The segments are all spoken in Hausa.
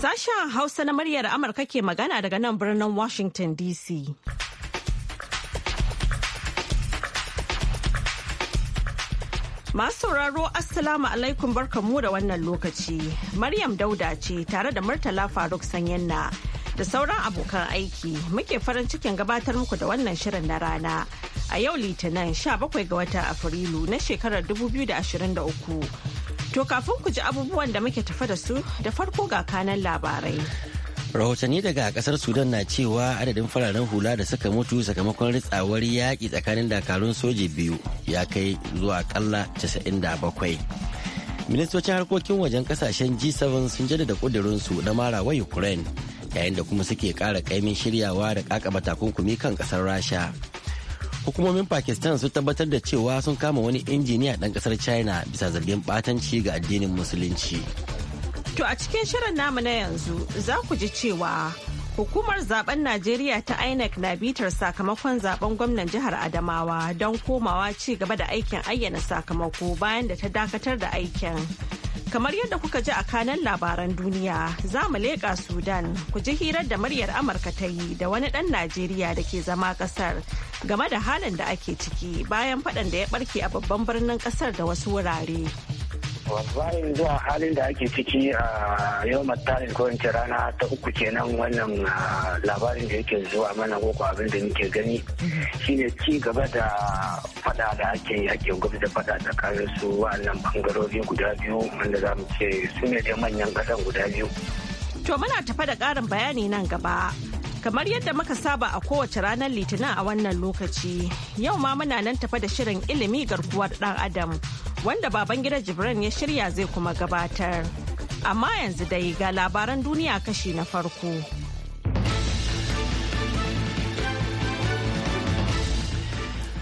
Sashen Hausa na muryar Amurka ke magana daga nan birnin Washington DC. Masu sauraro Assalamu alaikum barkamu da wannan lokaci. Maryam Dauda ce tare da Murtala Faruk Sanyanna da sauran abokan aiki muke farin cikin gabatar muku da wannan shirin na rana. A yau Litinin 17 ga watan Afrilu na shekarar 2023. To kafin ku ji abubuwan da muke tafa da su da farko ga kanan labarai. Rahotanni daga kasar Sudan na cewa adadin fararen hula da suka mutu sakamakon ritsawar yaƙi tsakanin dakarun soji biyu ya kai zuwa da 97. Ministocin harkokin wajen kasashen G7 sun jaddada su na marawa Ukraine yayin da kuma suke kara ƙaimin shiryawa da ƙaƙaba takunkumi kan ƙasar Rasha. hukumomin pakistan sun tabbatar da cewa sun kama wani injiniya ɗan ƙasar china bisa zargin batanci ga addinin musulunci to a cikin shirin namu na yanzu za ku ji cewa hukumar zaben najeriya ta inec na bitar sakamakon zaben gwamnan jihar adamawa don komawa ci gaba da aikin ayyana sakamako bayan da ta dakatar da aikin Kamar yadda kuka ji a kanan labaran duniya, za mu leƙa Sudan ku ji hirar da muryar Amurka ta yi da wani ɗan Najeriya da ke zama ƙasar game da halin da ake ciki bayan faɗan da ya ɓarke a babban birnin ƙasar da wasu wurare. wallahi zuwa halin da ake ciki a yau matarin ko rana ta uku kenan wannan labarin da yake zuwa mana ko abin da muke gani shine ci gaba da fada da ake yi ake gwamnati fada tsakanin su wa'annan bangarori guda biyu wanda za mu ce su ne da manyan kasan guda biyu to muna tafa da karin bayani nan gaba Kamar yadda muka saba a kowace ranar Litinin a wannan lokaci, yau ma muna nan tafa da shirin ilimi garkuwar ɗan Adam. wanda baban gida Jibran ya shirya zai kuma gabatar. Amma yanzu dai ga labaran duniya kashi na farko.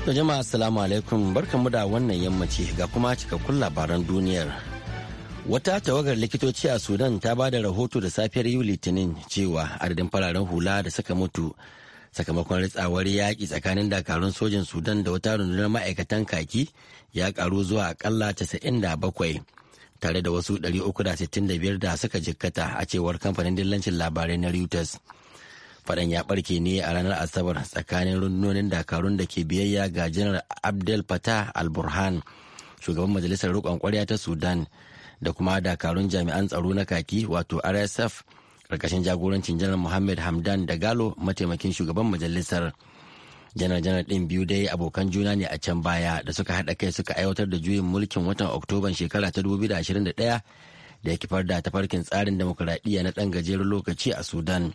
To jama'a assalamu alaikum barkanmu da wannan yammaci ga kuma cikakkun labaran duniyar. Wata tawagar likitoci a Sudan ta ba da rahoto da safiyar Yuli Litinin cewa adadin fararen hula da suka mutu sakamakon ritsawar yaƙi tsakanin dakarun sojin sudan da wata rundunar ma'aikatan kaki ya karu zuwa akalla 97 tare da wasu 365 da suka jikkata a cewar kamfanin dillancin labarai na reuters faɗan ya barke ne a ranar asabar tsakanin rundunonin dakarun da ke biyayya ga janar abdel fattah al-burhan shugaban majalisar riƙon ƙwarya ta sudan da kuma dakarun jami'an tsaro na kaki wato rsf karkashin jagorancin janar mohammed Hamdan da Galo mataimakin shugaban majalisar. janar-janar ɗin biyu dai abokan juna ne a can baya da suka haɗa kai suka aiwatar da juyin mulkin watan oktoban shekara ta 2021 da ya kifar da tafarkin tsarin demokuraɗiyya na ɗan gajeren lokaci a sudan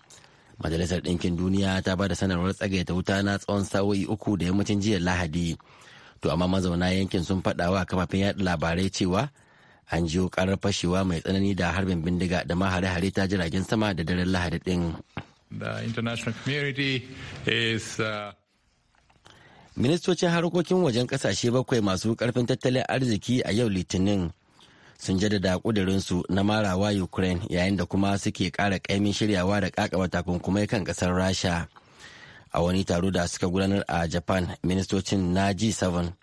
majalisar ɗinkin duniya ta ba da sanarwar tsagaita wuta na tsawon sa'o'i uku da yammacin jiya lahadi to amma mazauna yankin sun faɗa wa kafafen yaɗa labarai cewa an jiyo karar fashewa mai tsanani da harbin bindiga da ma hare-hare ta jiragen sama da daren lahadi din. Uh, ministocin harkokin wajen kasashe bakwai masu karfin tattalin arziki a yau litinin sun jaddada kudurinsu na marawa Ukraine yayin da kuma suke kara kaimin shiryawa da kakaba takunkumai kan kasar Rasha. A wani taro da suka gudanar a Japan, ministocin na G7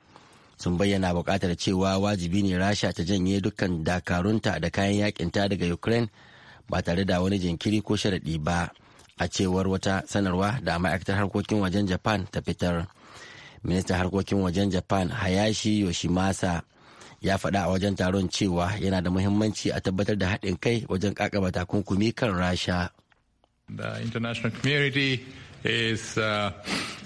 sun bayyana buƙatar cewa wajibi ne rasha ta janye dukkan dakarunta da kayan yakinta daga ukraine ba tare da wani jinkiri ko sharaɗi ba a cewar wata sanarwa da ma'aikatar harkokin wajen japan ta fitar ministan harkokin wajen japan hayashi yoshimasa ya faɗa a wajen taron cewa yana da muhimmanci a tabbatar da haɗin kai wajen kakaba takunkumi kan rasha the international is uh,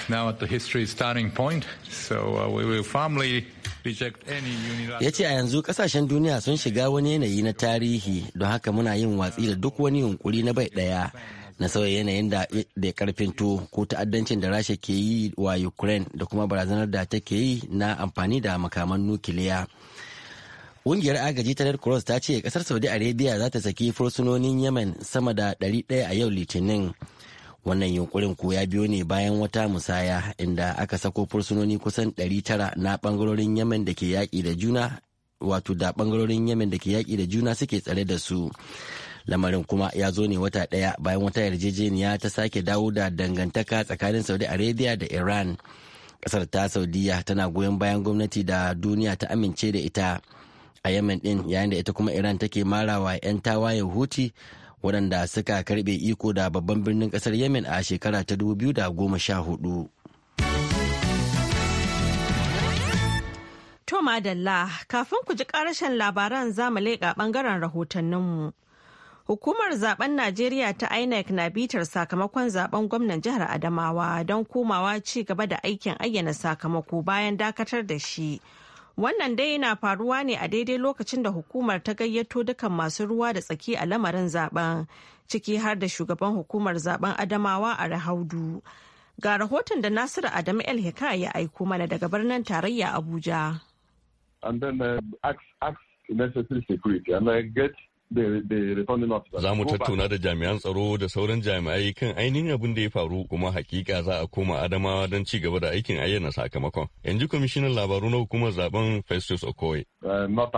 now at the history starting point. So uh, we will firmly reject any unilateral. Ya ce a yanzu kasashen duniya sun shiga wani yanayi na tarihi don haka muna yin watsi da duk wani yunkuri na bai daya na sauya yanayin da ya karfin to ko ta'addancin da rasha ke yi wa ukraine da kuma barazanar da take yi na amfani da makaman nukiliya. Ƙungiyar agaji ta Red Cross ta ce ƙasar Saudi Arabia za ta saki fursunonin Yemen sama da 100 a yau Litinin. wannan yunkurin ko ya biyo ne bayan wata musaya inda aka sako fursunoni kusan 900 na bangarorin yamen da ke yaƙi da juna wato da bangarorin yamen da ke yaƙi da juna suke tsare da su lamarin kuma ya zo ne wata ɗaya bayan wata yarjejeniya ta sake dawo da dangantaka tsakanin saudi arabia da iran ƙasar ta saudiya tana goyon bayan gwamnati da duniya ta amince da ita a yamen din yayin da ita kuma iran take marawa 'yan tawayen huti waɗanda suka karɓe iko da babban birnin ƙasar yemen a shekara ta 2014 To madalla kafin ku ji karashen labaran zamu leƙa ɓangaren rahotanninmu. Hukumar zaben Najeriya ta INEC na bitar sakamakon zaben gwamnan jihar Adamawa don komawa ci gaba da aikin ayyana sakamako bayan dakatar da shi. Wannan dai yana faruwa ne a daidai lokacin da hukumar ta gayyato dukan masu ruwa da tsaki a lamarin zaben ciki har da shugaban hukumar zaben Adamawa a Rahaudu. Ga rahoton da Nasiru Adamu El ya aiko mana daga birnin tarayya Abuja. And then uh, Za mu tattauna da jami'an tsaro da sauran jami'ai kan ainihin abin da ya faru kuma hakika za a koma Adamawa don ci gaba da aikin ayyana sakamakon. In ji kwamishinan labaru na hukumar zaben Festus Okoye. Uh, uh,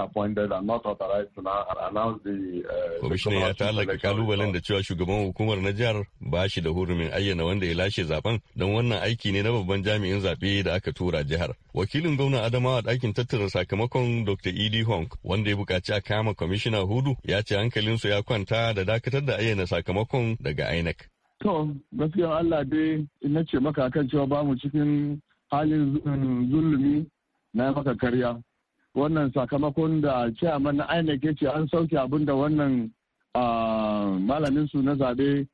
kwamishinan ya ta'allaka kalubalen da cewa shugaban hukumar na jihar ba shi da hurumin ayyana wanda ya lashe zaben don wannan aiki ne na babban jami'in zaɓe da aka tura jihar. Wakilin gwamnan Adamawa ɗakin tattara sakamakon Dr. Idi Hong wanda ya buƙaci a kama kwamishina Hudu ya ce hankalinsu ya kwanta da dakatar da ayyana sakamakon daga INEC. To, gaskiya Allah dai na ce maka kan cewa ba mu cikin halin zulumi na maka karya. Wannan sakamakon da ciyaman na INEC ya ce an sauke abin da wannan malamin su na zabe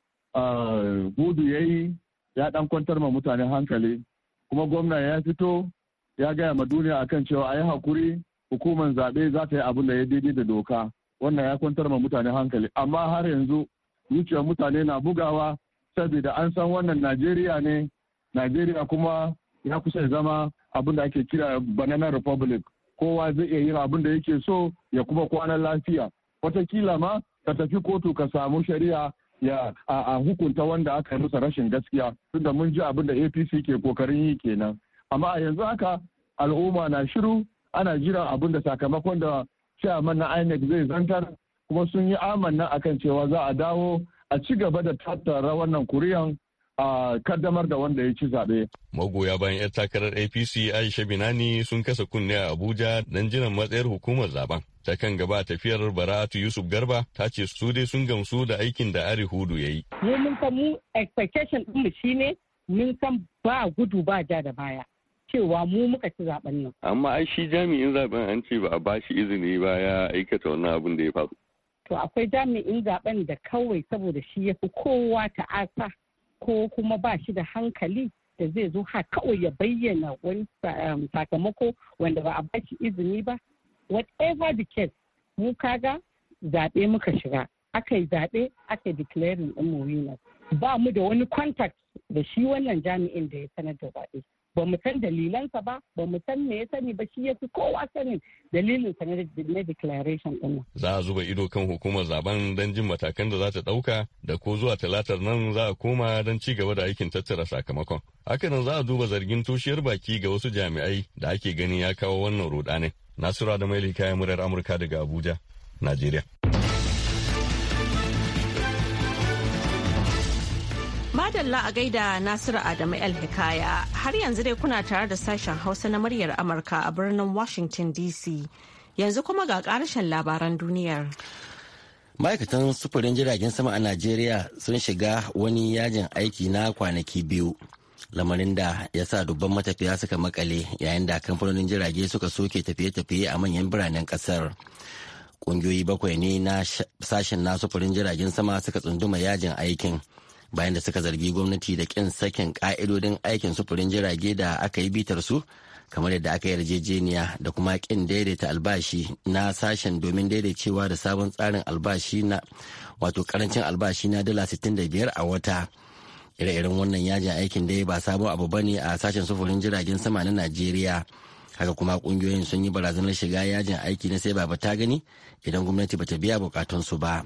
gudu ya yi ya dan kwantar ma mutane hankali. Kuma gwamna ya fito ya gaya ma duniya akan cewa a yi hakuri hukumar zaɓe za ta yi abin da ya daidai da doka. wannan ya kwantar ma mutane hankali amma har yanzu zuciyar mutane na bugawa saboda an san wannan najeriya ne najeriya kuma ya kusa zama abin da ake kira banana republic kowa zai iya yin abin da yake so ya kuma kwanan lafiya watakila ma ka tafi kotu ka samu shari'a ya a, hukunta wanda aka yi musa rashin gaskiya tunda mun ji abin da apc ke kokarin yi kenan amma a yanzu haka al'umma na shiru ana jiran abin da sakamakon da chairman mana inec zai zantar kuma sun yi amanna akan cewa za a dawo a ci gaba da tattara wannan kuriyan a kaddamar da wanda ya ci zaɓe. Magoya bayan 'yar takarar APC Aisha Binani sun kasa kunne a Abuja don jiran matsayar hukumar zaben. Ta kan gaba tafiyar Bara'atu Yusuf Garba ta ce su dai sun gamsu da aikin da Ari Hudu ya yi. Mu mun san mu expectation ɗinmu shine mun san ba gudu ba ja da baya. cewa mu muka ci zaben nan. Amma ai shi jami'in zaben an ce ba a ba shi izini ba ya aikata wannan abin da ya faru. To akwai jami'in zaben da kawai saboda shi ya fi kowa ta'asa ko kuma ba shi da hankali da zai zo ha kawai ya bayyana wani um, sakamako wanda ba a ba shi izini ba. Whatever the case, mu kaga zaɓe muka shiga. Aka yi zaɓe, aka yi declaring ɗin Ba mu da wani contact da shi wannan jami'in da ya sanar da zaɓe. ba mu san dalilansa ba ba mu san me ya sani ba shi ya kowa sanin dalilin sa na declaration din za a zuba ido kan hukumar zaben don jin matakan da za ta dauka da ko zuwa talatar nan za a koma don ci gaba da aikin tattara sakamakon hakanan za a duba zargin toshiyar baki ga wasu jami'ai da ake gani ya kawo wannan rudani nasura da mai kayan murar amurka daga abuja najeriya Madalla a gaida Nasiru Adamu El Hikaya har yanzu dai kuna tare da sashen Hausa na muryar Amurka a birnin Washington DC. Yanzu kuma ga karshen labaran duniyar. Ma'aikatan sufurin jiragen sama a Najeriya sun shiga wani yajin aiki na kwanaki biyu. Lamarin da ya sa dubban matafiya suka makale yayin da kamfanonin jirage suka soke tafiye-tafiye a manyan biranen kasar. Ƙungiyoyi bakwai ne na sashen na sufurin jiragen sama suka tsunduma yajin aikin. bayan da suka zargi gwamnati da kin sakin ka'idodin aikin sufurin jirage da aka yi bitar su kamar yadda aka yarjejeniya da kuma kin daidaita albashi na sashen domin daidaicewa da sabon tsarin albashi na wato karancin albashi na dala 65 a wata ire-iren wannan yajin aikin dai ba sabon abu ba ne a sashen sufurin jiragen sama na najeriya haka kuma kungiyoyin sun yi barazanar shiga yajin aiki na sai ba ta gani idan gwamnati ba ta biya bukatunsu ba.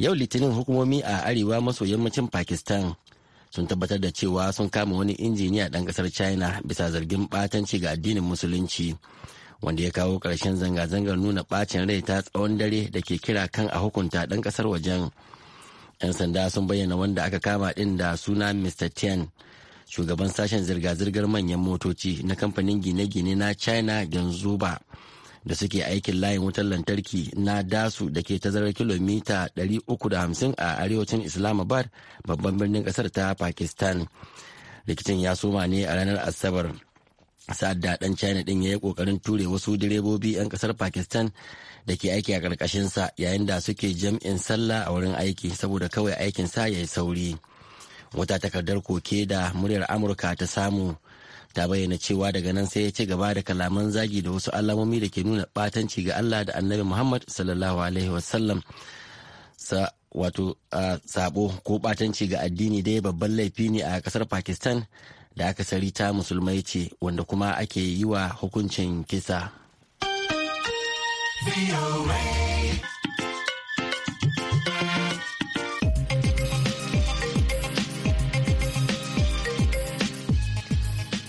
yau litinin hukumomi a arewa maso yammacin pakistan sun tabbatar da cewa sun kama wani injiniya dan ƙasar china bisa zargin batanci ga addinin musulunci wanda ya kawo karshen zanga-zangar nuna ɓacin rai ta tsawon dare da ke kira kan a hukunta ɗan ƙasar wajen 'yan sanda sun bayyana wanda aka kama ɗin da suna mr tian shugaban sashen zirga-zirgar manyan motoci na kamfanin gine-gine na china ganzuba da suke aikin layin wutar lantarki na dasu da ke tazarar kilomita 350 a arewacin islamabad babban birnin kasar ta pakistan rikicin ya soma ne a ranar asabar sa'ad da dan china din ya yi kokarin ture wasu direbobi 'yan kasar pakistan da ke aiki a ƙarƙashinsa yayin da suke jam'in sallah a wurin aiki saboda kawai aikinsa ya yi sauri wata takardar koke da muryar amurka ta samu ta bayyana cewa daga nan sai ya ci gaba da kalaman zagi da wasu alamomi da ke nuna batanci ga Allah da annabi Muhammad sallallahu alaihi wasallam sa wato sabo ko batanci ga addini dai babban laifi ne a kasar Pakistan da aka sari ta musulmai ce wanda kuma ake yi wa hukuncin kisa.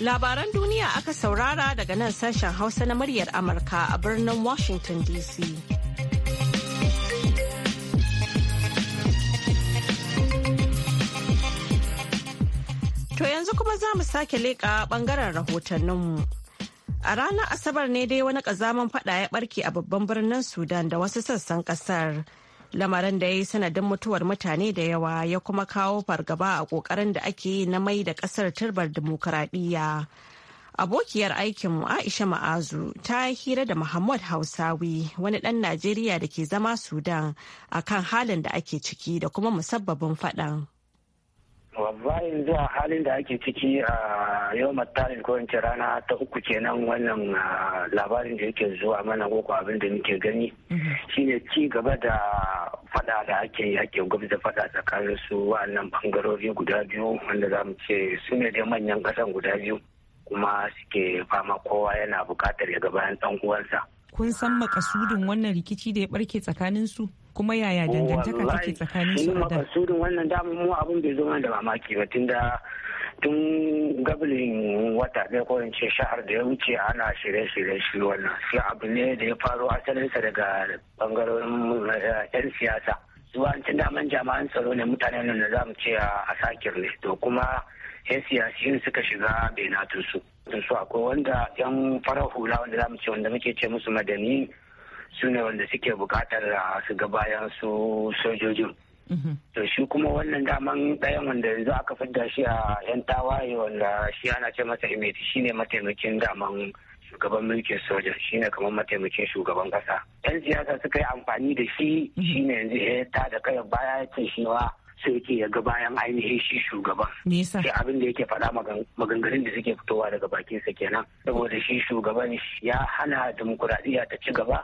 Labaran duniya aka saurara daga nan sashen Hausa na muryar Amurka a birnin Washington DC. To yanzu kuma za mu sake leƙa ɓangaren rahotanninmu. A ranar Asabar ne dai wani ƙazaman faɗa ya ɓarke a babban birnin Sudan da wasu sassan ƙasar. lamarin da ya yi sanadin mutuwar mutane da yawa ya kuma kawo fargaba a kokarin da ake yi na mai da kasar turbar dimokuraɗiyya. abokiyar aikinmu aisha ma'azu ta hira da muhammad hausawi wani ɗan najeriya da ke zama sudan akan halin da ake ciki da kuma musabbabin faɗan. bayan zuwa halin da ake ciki a yau matalin ko wace rana ta uku kenan wannan labarin da yake zuwa mana ko abin da muke gani mhm. shine ci gaba da fada da ake yi ake gwamnati fada tsakanin su wa'annan bangarori guda biyu wanda za mu ce su ne dai manyan kasan guda biyu kuma suke fama kowa yana bukatar ya ga bayan dan uwansa kun san makasudin wannan rikici da ya barke tsakanin su kuma yaya dangantaka take tsakanin su dan makasudin wannan damar mu abun bai zo mana da mamaki ba tunda tun gablin wata ɗaya ko ince shahar da ya wuce ana shirye-shirye shi wannan shi abu ne da ya faro sa daga bangaren yan eh, siyasa da man jami'an tsaro ne mutanen nan da zamu ce a sakir ne to kuma yan siyasiyin suka shiga benatunsu su akwai wanda yan farar hula wanda zamu ce wanda muke ce musu madani su ne wanda suke bukatar su ga bayan su sojojin mhm. to shi kuma wannan daman ɗayan wanda yanzu aka fidda shi a yan tawaye wanda shi ana ce masa imeti ne mataimakin daman shugaban mulkin soja Shi ne kamar mataimakin shugaban ƙasa. yan siyasa suka yi amfani da shi mhm. Shi ne yanzu ya ta da kai baya ya ce shi sai yake ya ga bayan ainihin shi shugaban shi abin da yake faɗa maganganun da suke fitowa daga bakinsa kenan saboda shi shugaban ya hana dimokuraɗiyya ta ci gaba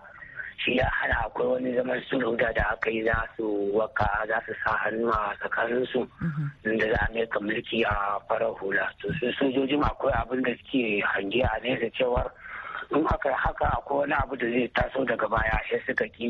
shi ya hana akwai wani zaman sulhu da da aka yi za su waka za su sa hannu a tsakanin su mhm. inda za a mai mulki a farar hula to su sojojin akwai abin da suke hange a nesa cewar in aka haka akwai wani abu da zai taso daga baya sai suka ki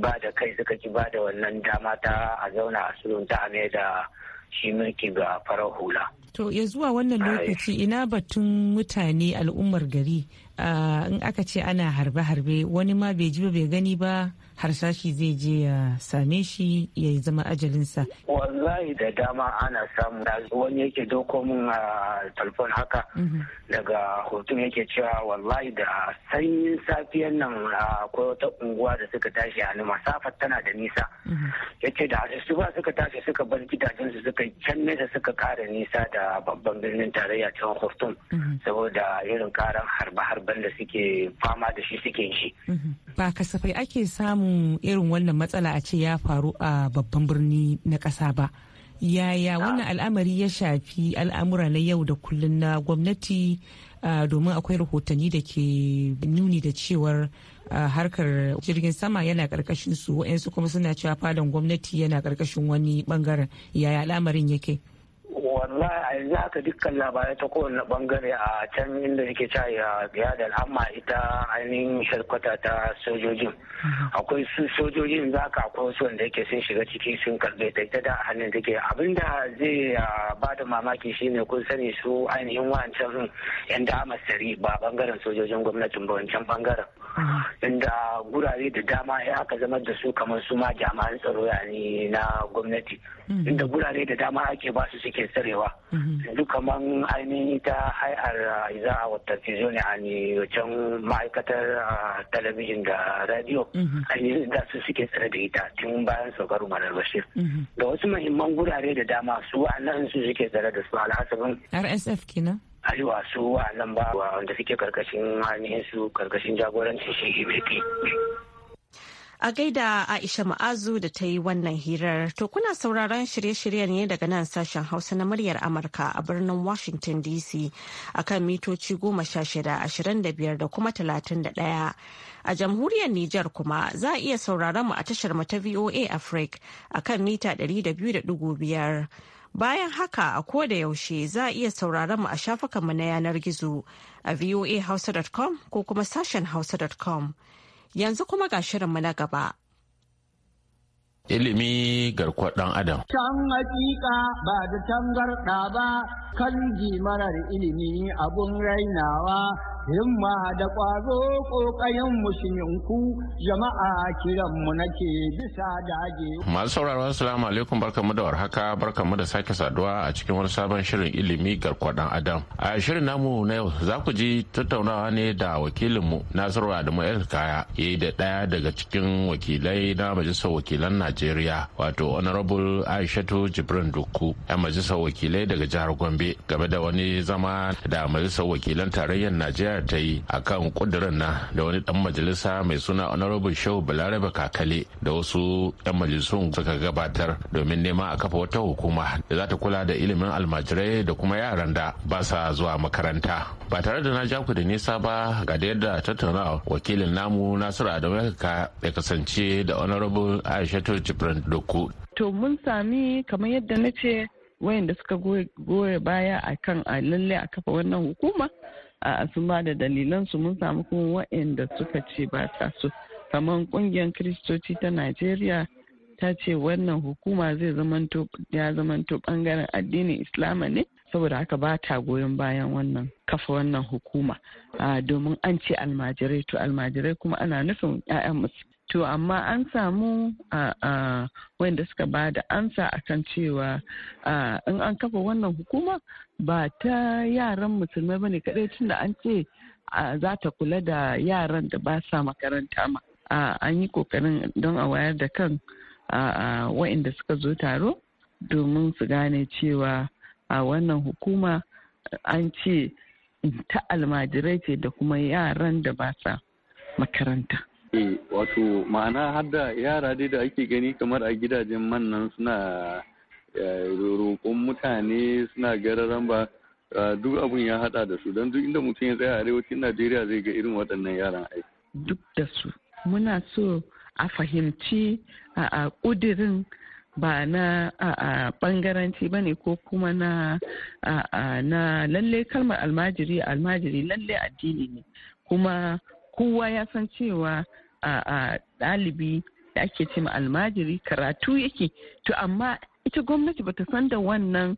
ba da kai suka ki ba da wannan dama ta a zauna a sulhun ta a da shi mulki ga farar hula. To ya zuwa wannan lokaci ina batun mutane al'ummar gari Ah, in aka ce ana harbe-harbe wani ma bai ji ba bai gani ba harsashi zai je ya same shi ya zama ajalinsa. wallahi da dama ana samu wani yake doko min a ah, telefon haka mhm. daga hoton yake cewa wallahi da sanyin safiyan nan ah, akwai wata unguwa da suka tashi a safar tana da nisa mhm. yake da su ba suka tashi suka bar gidajensu suka can nesa suka kara nisa da babban birnin tarayya can hoton mhm. saboda irin karan harbe-harbe daban-daban da suke fama da shi suke shi. Mhm. Ba kasafai ake samun irin wannan matsala a ce ya faru a babban birni na ƙasa ba. Yaya wannan ah. al'amari ya shafi al'amura na yau da kullum na gwamnati domin akwai rahotanni da ke nuni da cewar harkar jirgin sama yana karkashin su wa'yansu kuma suna cewa falon gwamnati yana karkashin wani bangaren yaya al'amarin yake. wallahi a yanzu haka dukkan labarai ta kowane bangare a can inda nake ca ya da alhamma ita ainihin sharkwata ta sojojin mhm. akwai su sojojin za ka akwai wasu wanda yake sun shiga ciki sun karbe ta ita da hannun take abinda zai ah, ba da mamaki shine kun sani su ainihin wancan yan damasari ba bangaren sojojin gwamnatin ba wancan bangaren inda gurare da dama ya aka zama da su kamar su ma jami'an tsaro yani na gwamnati mhm. inda gurare da dama ake ba su suke tsarewa duk mhm. kamar ainihin ta hai'ar uh, za a wata ne ma'aikatar uh, talabijin da radio mhm. ainihin da su suke tsare da ita tun bayan saukar umarar bashir da wasu mahimman gurare da dama su a nan su suke tsare da su al'asabin rsf kenan arewa su a nan ba wanda suke karkashin ainihin su karkashin jagorancin shi ibrahim a gaida aisha ma'azu da ta yi wannan hirar to kuna sauraron shirye-shiryen ne daga nan sashen hausa na muryar amurka a birnin washington dc akan mitoci goma sha shida ashirin da biyar da kuma talatin da ɗaya a jamhuriyar nijar kuma za a iya sauraron mu a tashar mu ta voa africa akan mita ɗari da biyar Bayan haka a ko da yaushe za a iya sauraron mu a shafukanmu na yanar gizo a voahausa.com ko kuma sashen hausa.com. Yanzu kuma ga shirinmu na gaba. Ilimi garkuwar ɗan Adam. Can hakika ba da tangarɗa ba, kan marar ilimi abun rainawa himma da ƙwazo ƙoƙayen mushiminku jama'a kiran mu nake bisa dage. Masu sauraro assalamu alaikum barkamu da warhaka barkamu da sake saduwa a cikin wani sabon shirin ilimi ga dan adam. A shirin namu na yau za ku ji tattaunawa ne da wakilinmu Nasiru Adamu El Kaya yayi da ɗaya daga cikin wakilai na majalisar wakilan Najeriya wato Honorable Aishatu Jibrin Dukku 'yan majalisar wakilai daga jihar Gombe game da wani zama da majalisar wakilan tarayyar Najeriya najeriya ta yi a kan kudurin na da wani dan majalisa mai suna honorable Show balarabe kakale da wasu yan majalisun suka gabatar domin nema a kafa wata hukuma da za ta kula da ilimin almajirai da kuma yaran da ba sa zuwa makaranta ba tare da na ja ku da nisa ba ga da yadda tattaunawa wakilin namu nasiru adamu ya kasance da honorable aishatu Jibrin doku to mun sami kamar yadda na ce wayanda suka goya baya a kan a lalle a kafa wannan hukuma sun ba da dalilansu mun samu kuma waɗanda suka ce ba ta so kamar ƙungiyar kiristoci ta najeriya ta ce wannan hukuma zai zamanto ya zamanto ɓangaren addinin islama ne saboda haka ba ta goyon bayan wannan kafa wannan hukuma domin an ce almajirai to almajirai kuma ana nufin 'ya'yan musulmi to amma an samu a wanda suka ba da ansa akan cewa in an kafa wannan hukuma ba ta yaran musulmai bane kadai tunda an ce za ta kula da yaran da ba sa makaranta ma an yi kokarin don a wayar da kan wa'inda suka zo taro domin su gane cewa a wannan hukuma an ce ta almajirai ce da kuma yaran da ba sa makaranta E, wato ma'ana hadda yara dai da ake gani kamar a gidajen mannan suna eh, roƙon mutane suna gararan ba eh, duk abun ya hada da su don duk inda mutum ya tsaya arewacin najeriya zai ga irin waɗannan yaran ai duk da su muna so a fahimci a ƙudirin ba na ɓangaranci ba ne ko kuma na lalle kalmar almajiri almajiri lalle addini ne kuma kowa ya san cewa a ɗalibi da ake ce ma almajiri karatu yake to amma ita gwamnati bata san da wannan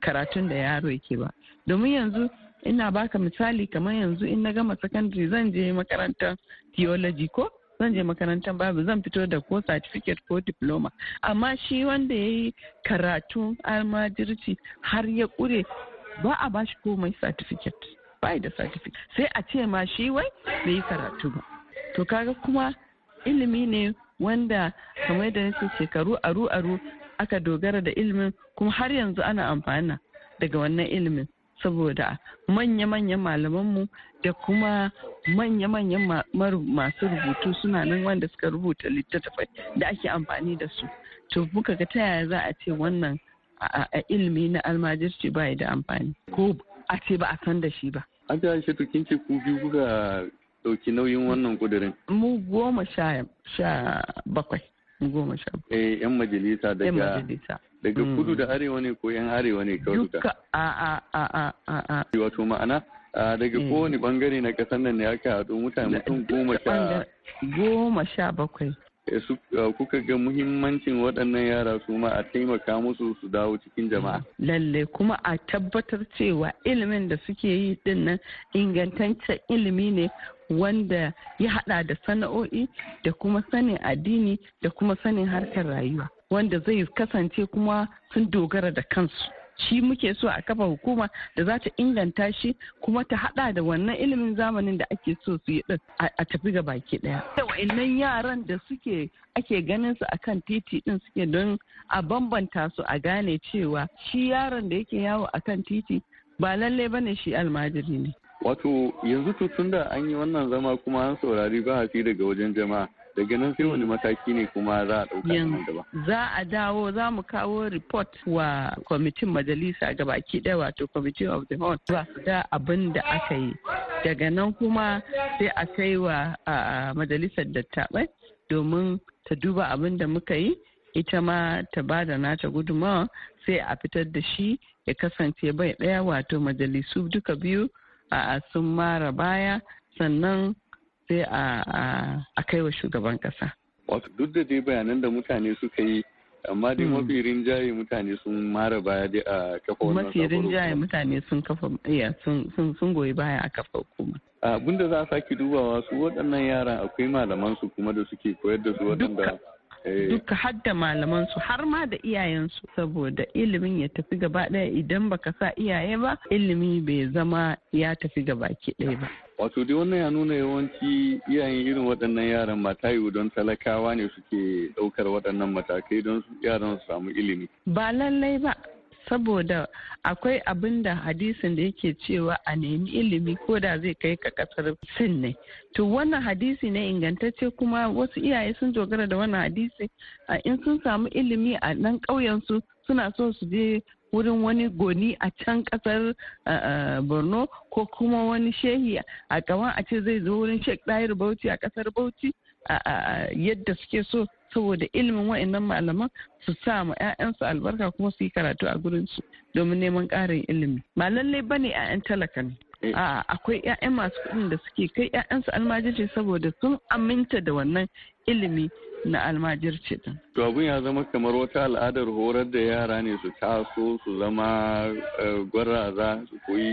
karatun da yaro yake ba domin yanzu ina baka misali kamar yanzu in na gama secondary zan je makarantar theology ko zan je makarantar babu zan fito da ko certificate ko diploma amma shi wanda ya yi karatun almajirci har ya kure ba a bashi komai certificate ba da certificate sai a ce ma shi wai bai yi karatu ba to kaga kuma ilimi ne wanda kamar da nake shekaru aru aru aka dogara da ilimin kuma har yanzu ana amfana daga wannan ilimin saboda manya-manyan malamanmu da kuma manya-manyan masu rubutu suna nan wanda suka rubuta littattafai da ake amfani da su to muka ga ta yaya za a ce wannan a ilimi na almajirci bai da amfani ko a ce ba a san da shi ba. An ta shi kin ce ku biyu kuka ɗauki nauyin wannan kudirin. Mu goma sha bakwai. Goma sha bakwai. Eh, 'yan majalisa daga. Daga mm. kudu da arewa ne ko 'yan arewa ne kawai duka. A a a a a a. Wato ma'ana daga eh. kowane bangare na kasar nan ne aka haɗu mutane mutum goma sha. Goma sha bakwai. Uh, kuka ga muhimmancin waɗannan yara su ma a taimaka musu su dawo cikin jama'a. Lalle kuma a tabbatar cewa ilimin da suke yi dinnan ingantaccen ilimi ne wanda ya hada da sana'o'i da kuma sanin addini da kuma sanin harkar rayuwa wanda zai kasance kuma sun dogara da kansu. shi muke so a kafa hukuma da za ta inganta shi kuma ta hada da wannan ilimin zamanin da ake so su yi a tafi ga baki daya da wa'annan yaran da suke ake ganin su akan titi din suke don a bambanta su a gane cewa shi yaron da yake yawo akan titi ba lalle ne shi almajiri ne wato yanzu tun da an yi wannan zama kuma an saurari ba daga wajen jama'a daga nan sai wani mataki ne kuma za a ɗauka nan gaba. Za a dawo za mu kawo report wa kwamitin majalisa ga baki ɗaya wato committee of the whole za su da abin da aka yi. Daga nan kuma sai a kai wa majalisar dattabai domin ta duba abin da muka yi ita ma ta ba da nata gudunmawa sai a fitar da shi ya kasance bai ɗaya wato majalisu duka biyu a sun mara baya sannan sai a kai wa shugaban kasa. Wato duk da dai bayanan da mutane suka yi amma dai hmm. mafi rinjaye mutane sun mara baya dai a kafa wannan mafi rinjaye mutane sun kafa iya sun goyi baya a kafa hukuma. Abinda da za a sake dubawa su waɗannan yaran akwai malaman su kuma da suke koyar da su waɗanda Eh. duka hadda malaman su har ma da iyayen su saboda ilimin ya tafi gaba daya idan baka sa iyaye ba ilimi bai zama ya tafi gaba ki ɗaya ba wato dai wannan ya nuna yawanci iyayen irin waɗannan yaran mata ta don talakawa ne suke ɗaukar waɗannan matakai don yaran su samu ilimi ba lallai ba saboda akwai abin da hadisin da yake cewa a nemi ilimi ko da zai kai ka kasar sin ne to wannan hadisi ne ingantacce kuma wasu iyaye sun dogara da wannan hadisi in sun samu ilimi a nan ƙauyensu suna so su je wurin wani goni a can kasar borno ko kuma wani shehi a kawan a ce zai zo wurin sheik ɗayar bauchi a kasar bauchi yadda suke so saboda ilimin wa'annan malaman su sa ma 'ya'yansu albarka kuma su yi karatu a gurinsu domin neman ƙarin ilimi ba lallai bane 'ya'yan talaka ne eh. a akwai 'ya'yan masu kuɗin da suke kai 'ya'yansu almajirci saboda sun aminta da wannan ilimi na almajirci din. To abin ya zama kamar wata al'adar horar da yara ne su taso su zama eh, gwarraza su koyi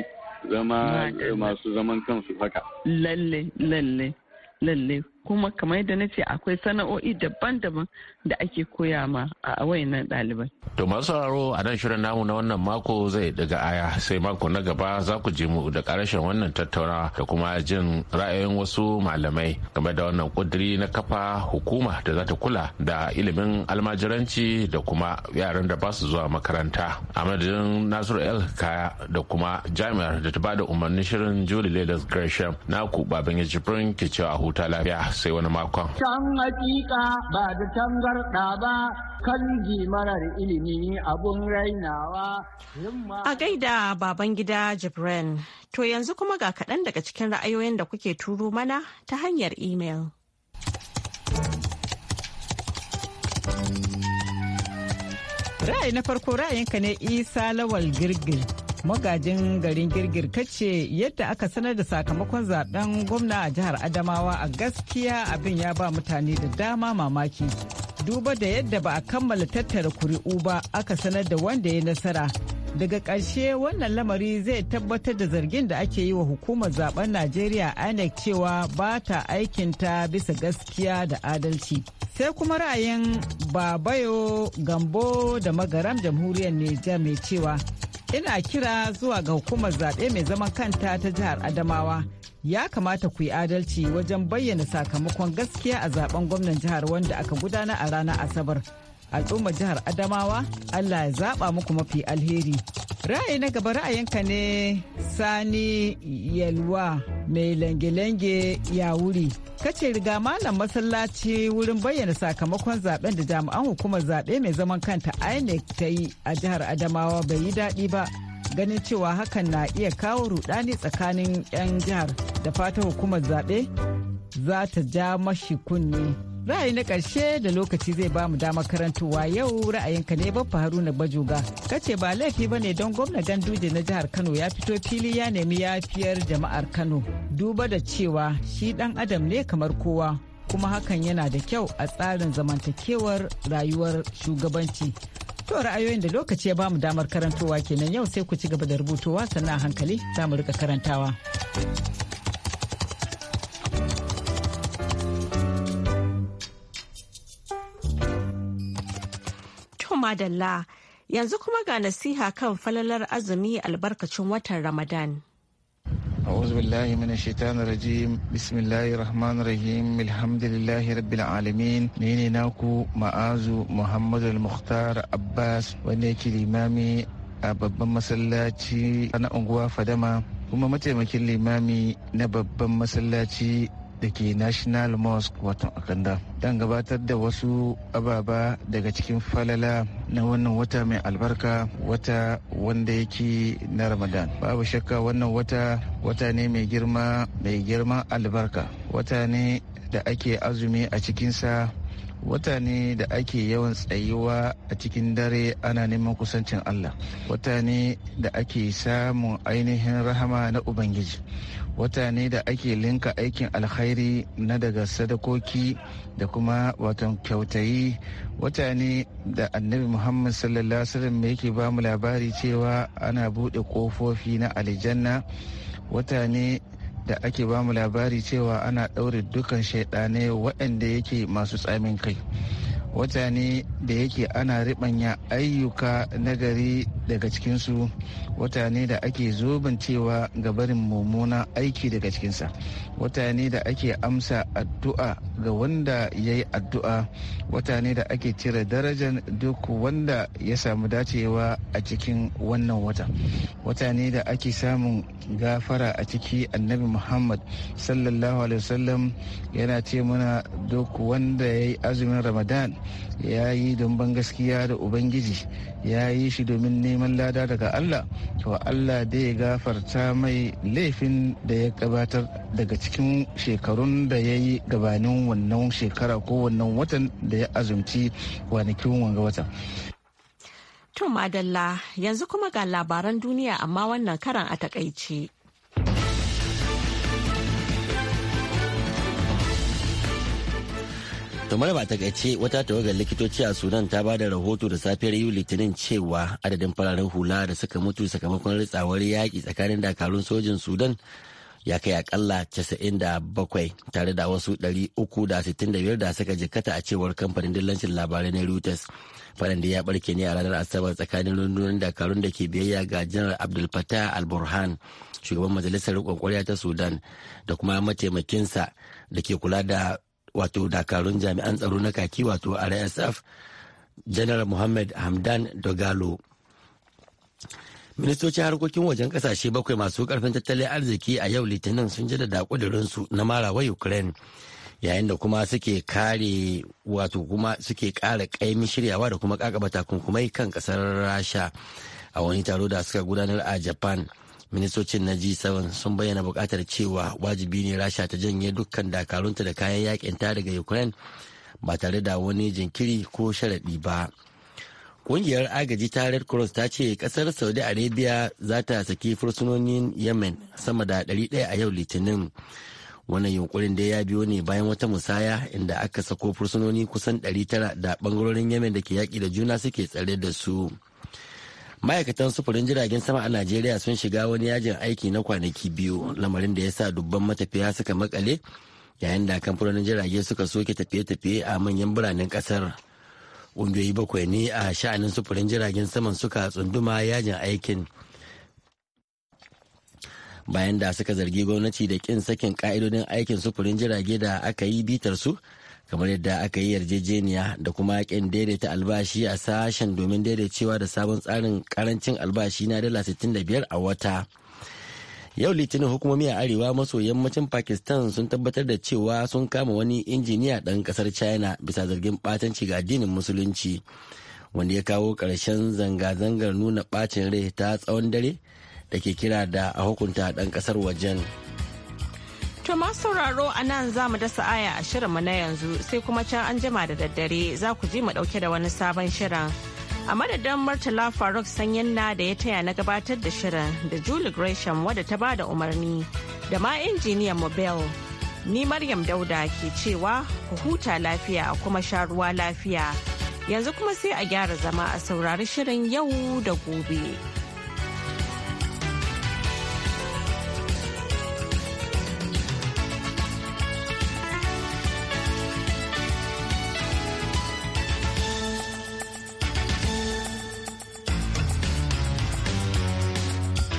zama masu zaman kansu haka. Lalle lalle lalle kuma kamar yadda na ce akwai sana'o'i daban-daban da ake koya ma a wayannan ɗalibai. To masu sauraro a nan shirin namu na wannan mako zai daga aya sai mako na gaba za ku je mu da ƙarashin wannan tattaunawa da kuma jin ra'ayoyin wasu malamai game da wannan ƙudiri na kafa hukuma da za ta kula da ilimin almajiranci da kuma yaran da ba su zuwa makaranta. A madadin Nasiru El Kaya da kuma jami'ar da ta bada umarnin shirin Julie Leaders Gresham na ku Babangiji Jibrin ke cewa huta lafiya sai wani makon. Can hakika ba da tangarɗa ba kan marar ilimi abun rainawa. A gaida baban gida Jibran, to yanzu kuma ga kaɗan daga cikin ra'ayoyin da kuke turo mana ta hanyar imel. Ra'ayi na farko ra'ayinka ne Isa Lawal Girgir. magajin garin girgir kace yadda aka sanar da sakamakon zaben gwamna a jihar adamawa a gaskiya abin ya ba mutane da dama mamaki duba da yadda ba a kammala tattara kuri'u ba aka sanar da wanda ya nasara daga ƙarshe wannan lamari zai tabbatar da zargin da ake yi wa hukumar zaben najeriya inec cewa ba ta aikinta bisa gaskiya da adalci sai kuma ra'ayin babayo gambo da magaram jamhuriyar nijar mai cewa ina kira zuwa ga hukumar zaɓe mai zaman kanta ta jihar Adamawa. Ya kamata ku yi adalci wajen bayyana sakamakon gaskiya a zaben gwamnan jihar wanda aka gudana a ranar Asabar. al'ummar jihar Adamawa, Allah ya zaba muku mafi alheri. Ra'ayi na gaba ra'ayinka ne Sani Yalwa mai lange-lange ya wuri. Kace riga malam masallaci wurin bayyana sakamakon zaben da jami'an hukumar zaɓe mai zaman kanta INEC ta yi a jihar Adamawa bai yi daɗi ba. Ganin cewa hakan na iya kawo rudani tsakanin 'yan jihar da fata hukumar zaɓe za ta ja mashi kunne. ra'ayi na ƙarshe da lokaci zai ba mu damar karantowa yau ra'ayinka ne babba haruna bajoga kace ba laifi ba ne don gwamna ganduje na jihar kano ya fito fili ya nemi yafiyar jama'ar kano duba da cewa shi dan adam ne kamar kowa kuma hakan yana da kyau a tsarin zamantakewar rayuwar shugabanci To ra'ayoyin da lokaci ya ba mu damar karantowa kenan yau sai ku ci gaba da rubutowa sannan hankali za mu rika karantawa. madalla yanzu kuma ga nasiha kan falalar azumi albarkacin watan Ramadan. أعوذ بالله من الشيطان الرجيم بسم الله الرحمن الرحيم الحمد لله رب العالمين نيني ناكو معاذ محمد المختار عباس ونيكي الإمامي أبابا مسلاتي أنا na فدما fadama kuma mataimakin limami na babban masallaci national mosque wato akanda dan gabatar da wasu ababa daga cikin falala na wannan wata mai albarka wata wanda yake na ramadan babu shakka wannan wata wata ne mai girma mai girman albarka wata ne da ake azumi a cikinsa wata ne da ake yawan tsayuwa a cikin dare ana neman kusancin Allah wata ne da ake samun ainihin rahama na Ubangiji wata ne da ake linka aikin alkhairi na daga sadakoki da kuma watan kyautayi wata ne da annabi muhammad sallallahu alaihi wasallam yake ba mu labari cewa ana bude kofofi na aljanna wata ne da ake ba mu labari cewa ana ɗaure dukan shaiɗanai waɗanda yake masu tsamin kai wata ne da yake ana riɓanya ayyuka nagari daga cikinsu wata ne da ake cewa ga barin mummuna aiki daga cikinsa wata ne da ake amsa addu'a ga wanda ya yi addu'a wata ne da ake cire darajar duk wanda ya samu dacewa a cikin wannan wata wata ne da ake samun gafara a ciki annabi muhammad sallallahu alaihi wasallam yana ce mana duk wanda ya yi azumin ramadan ya yi don ban gaskiya da ubangiji ya yi shi domin neman lada daga allah to allah da ya gafarta mai laifin da ya gabatar daga cikin shekarun da ya yi gabanin wannan shekara ko wannan watan da ya azumci kwanakin wanga watan to madalla yanzu kuma ga labaran duniya amma wannan karan a takaice. kamar maraba ta gaice wata tawagar likitoci a sudan ta ba da rahoto da safiyar yuli litinin cewa adadin fararen hula da suka mutu sakamakon ritsawar yaƙi tsakanin dakarun sojin sudan ya kai akalla 97 tare da wasu 365 da suka jikata a cewar kamfanin dillancin labarai na reuters faɗan da ya barke ne a ranar asabar tsakanin rundunar dakarun da ke biyayya ga janar abdul fatah al-burhan shugaban majalisar riƙon ta sudan da kuma mataimakinsa da ke kula da wato dakarun jami'an tsaro na kaki wato rsf general muhammad hamdan dogalo ministocin harkokin wajen kasashe bakwai masu karfin tattalin arziki a yau litinin sun ji da kudurinsu na marawa ukraine yayin da kuma suke kare wato kuma suke kara kaimin shiryawa da kuma kakaba takunkumai kan kasar rasha a wani taro da suka gudanar a japan ministocin na g7 sun bayyana bukatar cewa wajibi ne rasha ta janye dukkan dakarunta da kayan yakin ta daga ukraine ba tare da wani jinkiri ko sharaɗi ba kungiyar agaji ta red cross ta ce kasar saudi arabia za ta saki fursunonin yemen sama da 100 a yau litinin wannan yunkurin da ya biyo ne bayan wata musaya inda aka sako fursunoni kusan 900 da bangarorin yemen da ke yaƙi da juna suke tsare da su ma'aikatan sufurin jiragen sama a najeriya sun shiga wani yajin aiki na kwanaki biyu lamarin da ya sa dubban matafiya suka makale yayin da kamfanonin jirage suka soke tafiye-tafiye a manyan biranen kasar ƙungiyoyi bakwai ne a sha'anin sufurin jiragen saman suka tsunduma yajin aikin bayan da suka zargi gwamnati da kin sakin ƙa'idodin aikin sufurin jirage da aka yi bitar su kamar yadda aka yi yarjejeniya da kuma yakin daidaita albashi a sashen domin daidaicewa da sabon tsarin karancin albashi na dala 65 a wata yau litinin hukumomi a arewa maso yammacin pakistan sun tabbatar da cewa sun kama wani injiniya ɗan ƙasar china bisa zargin ɓatanci ga addinin musulunci wanda ya kawo ƙarshen zanga-zangar nuna ɓacin rai ta tsawon dare da ke kira da a hukunta ɗan ƙasar wajen. To ma sauraro a nan za mu dasa aya a shirinmu na yanzu sai kuma can an jima da daddare za ku ji mu dauke da wani sabon shirin. A madadin Murtala Faruk Sanyin na da ya taya na gabatar da shirin da Julie Gresham wadda ta ba da umarni da ma injiniyan Mobile. Ni Maryam Dauda ke cewa ku huta lafiya kuma sha ruwa lafiya. Yanzu kuma sai a gyara zama a saurari shirin yau da gobe.